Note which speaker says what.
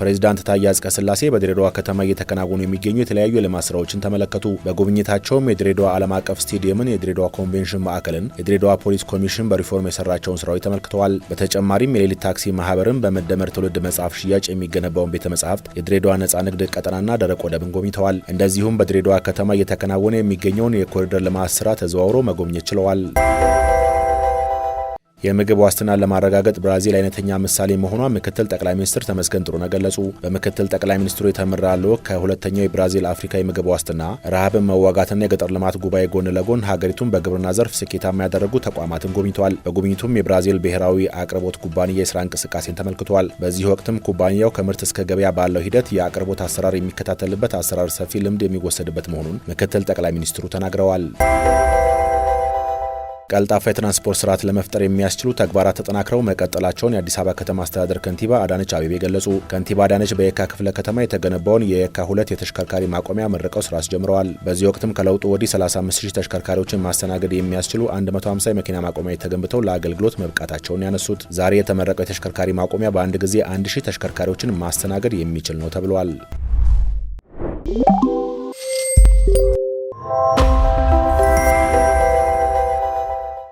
Speaker 1: ፕሬዚዳንት ታዬ አጽቀሥላሴ በድሬዳዋ ከተማ እየተከናወኑ የሚገኙ የተለያዩ የልማት ስራዎችን ተመለከቱ። በጉብኝታቸውም የድሬዳዋ ዓለም አቀፍ ስቴዲየምን፣ የድሬዳዋ ኮንቬንሽን ማዕከልን፣ የድሬዳዋ ፖሊስ ኮሚሽን በሪፎርም የሰራቸውን ስራዎች ተመልክተዋል። በተጨማሪም የሌሊት ታክሲ ማህበርን፣ በመደመር ትውልድ መጽሐፍ ሽያጭ የሚገነባውን ቤተ መጽሐፍት፣ የድሬዳዋ ነፃ ንግድ ቀጠናና ደረቅ ወደብን ጎብኝተዋል። እንደዚሁም በድሬዳዋ ከተማ እየተከናወነ የሚገኘውን የኮሪደር ልማት ስራ ተዘዋውሮ መጎብኘት ችለዋል።
Speaker 2: የምግብ ዋስትናን ለማረጋገጥ ብራዚል አይነተኛ ምሳሌ መሆኗ ምክትል ጠቅላይ ሚኒስትር ተመስገን ጥሩነህ ገለጹ። በምክትል ጠቅላይ ሚኒስትሩ የተመራ ያለው ከሁለተኛው የብራዚል አፍሪካ የምግብ ዋስትና ረሃብን መዋጋትና የገጠር ልማት ጉባኤ ጎን ለጎን ሀገሪቱን በግብርና ዘርፍ ስኬታማ ያደረጉ ተቋማትን ጎብኝተዋል። በጉብኝቱም የብራዚል ብሔራዊ አቅርቦት ኩባንያ የስራ እንቅስቃሴን ተመልክተዋል። በዚህ ወቅትም ኩባንያው ከምርት እስከ ገበያ ባለው ሂደት የአቅርቦት አሰራር የሚከታተልበት አሰራር ሰፊ ልምድ የሚወሰድበት መሆኑን ምክትል ጠቅላይ ሚኒስትሩ ተናግረዋል።
Speaker 3: ቀልጣፋ የትራንስፖርት ስርዓት ለመፍጠር የሚያስችሉ ተግባራት ተጠናክረው መቀጠላቸውን የአዲስ አበባ ከተማ አስተዳደር ከንቲባ አዳነች አቤቤ ገለጹ። ከንቲባ አዳነች በየካ ክፍለ ከተማ የተገነባውን የየካ ሁለት የተሽከርካሪ ማቆሚያ መርቀው ስራ አስጀምረዋል። በዚህ ወቅትም ከለውጡ ወዲህ 35 ተሽከርካሪዎችን ማስተናገድ የሚያስችሉ 150 የመኪና ማቆሚያ ተገንብተው ለአገልግሎት መብቃታቸውን ያነሱት ዛሬ የተመረቀው የተሽከርካሪ ማቆሚያ በአንድ ጊዜ 1000 ሺህ ተሽከርካሪዎችን ማስተናገድ የሚችል ነው ተብሏል።